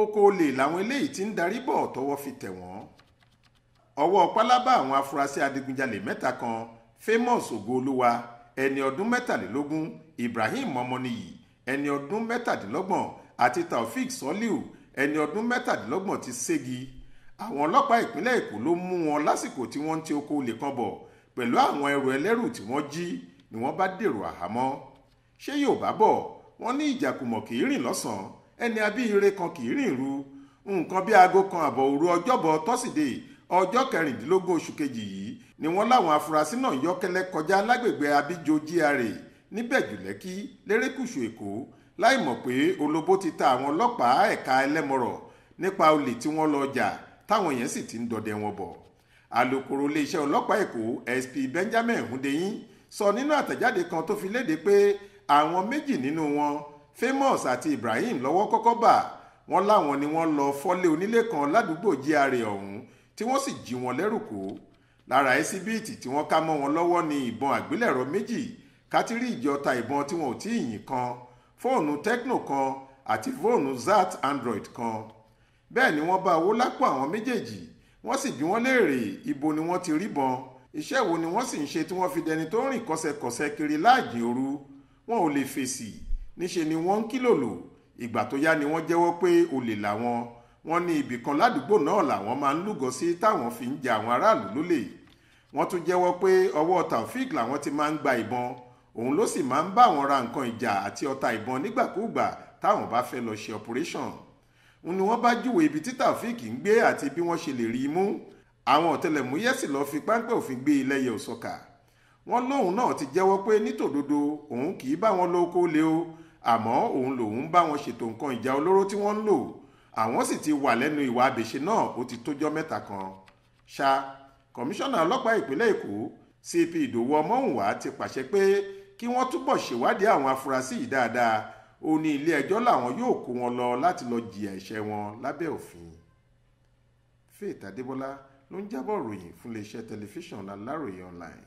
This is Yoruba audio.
oko olè làwọn eléyìí ti ń darí bọ̀ tọwọ́ fi tẹ̀ wọ́n ọwọ́ pálábá àwọn afurasí adigunjalè mẹ́ta kan famous ògoolúwa ẹni ọdún mẹ́tàlélógún ibrahim ọmọnìyí ẹni ọdún mẹ́tàdínlọ́gbọ̀n àti taofik soliu ẹni ọdún mẹ́tàdínlọ́gbọ̀n ti ségi àwọn ọlọ́pàá ìpínlẹ̀ èkó ló mú wọn lásìkò tí wọ́n ń ti oko olè kan bọ̀ pẹ̀lú àwọn ẹrù ẹlẹ́rù tí wọ́n jí ni wọ́n bá dèrò àhámọ́ ṣé yóò bá bọ̀ wọ́n ní ìjàkùmọ̀ kì í rìn lọ́sàn-án ẹni abíire kan kì í rìn ru nǹkan bíi aago kan àbọ̀ òru ọjọ́bọ̀ tọ́sídẹ̀ẹ́ ọjọ́ kẹrìndínlógún oṣù kejì yìí ni wọ́n láwọn afurasí náà yọ́kẹ́lẹ́ kọjá lágbègbè abíjọ GRA níbẹ̀jú lẹ́kí lérékùṣù èkó láì mọ̀ pé olóbó ti ta àwọn ọlọ́pàá ẹ̀ka ẹlẹ́mọ̀rọ̀ nípa olè tí wọ́n lọ jà táwọn yẹn sì ti ń dọdẹ wọn bọ̀ alukoro iléeṣẹ́ ọlọ́pàá èkó SP Benjamin Hundeyin sọ nínú àtẹ̀jáde kan tó fi léde pé àwọn méjì nínú wọn Famous àti Ibrahim lọ́wọ́ kọ́kọ́ bà wọ́n láwọn ni wọ́n lọ fọ́lé onílé kan ládùúgbò GRA ọ̀hún tí wọ́n sì jí wọn lẹ́rù kó lára ẹsibíìtì tí wọ́n ká mọ́ wọn lọ́wọ́ ni ìbọn àgbélẹ̀rọ méjì kátírì ìjọta ìbọn tí wọn ò tí ì yìn kan fóònù Tecno kan àti fóònù zat Android kan bẹ́ẹ̀ ni wọ́n bá owó lápò àwọn méjèèjì wọ́n sì bí wọ́n léèrè ibo ni wọ́n ti ríbọn iṣẹ́ wo ni wọ́n sì ń ṣe tí wọ́n fi dẹni tó ń rìn kọsẹ̀kọsẹ̀ kiri láàjìn òru wọn ò lè fèsì níṣe ni wọ́n ń kílòlò ìgbà tó yá ni wọ́n jẹ́wọ́ pé olè làwọn wọ́n ní ibì kan ládùúgbò náà làwọn máa ń lúgọ sí táwọn fi ń jẹ àwọn aráàlú lólè wọ́n tún jẹ́wọ́ pé ọwọ́ Taofik làwọn ti máa ń gba ìbọn òun ló sì máa ń bá àwọn ra nǹkan ìjà àti ọta ìbọn nígbàkúùgbà táwọn bá fẹ́ lọ ṣe operation n ni wọ́n bá júwe ibi tí Taofik ń gbé àti bí wọ́n ṣe lè rí i mú àwọn ọ̀tẹlẹ̀múyẹ́ sì lọ́ọ́ fi páńpẹ́ òfin gbé ilẹ̀yẹ òsọ̀kà wọ́n lóun náà ti jẹ́wọ́ pé nítòdodo òun kì í bá wọn lọ lé o àmọ́ òun lòun bá wọn ṣètò nǹkan ìjà olóró tí wọ́n ń lò àwọn sì ti wà lẹ́nu ìwà àbèṣe náà ó ti tójọ́ mẹ́ta kan ṣá kọmíṣánná ọlọ́pàá ìpínlẹ̀ èkó cp ìdòwú ọmọhùnwá ti pàṣẹ pé kí wọ́n túbọ̀ ṣèwádìí àwọn afurasí yìí dáadáa ó ní ilé-ẹjọ́ làwọn yóò kó wọn lọ láti lọ jìyà ẹ̀ṣẹ̀ wọn lábẹ́ òfin faith adébọlá ló ń jábọ̀ ròyìn fún iléeṣẹ́ tẹlifíṣàn aláròye online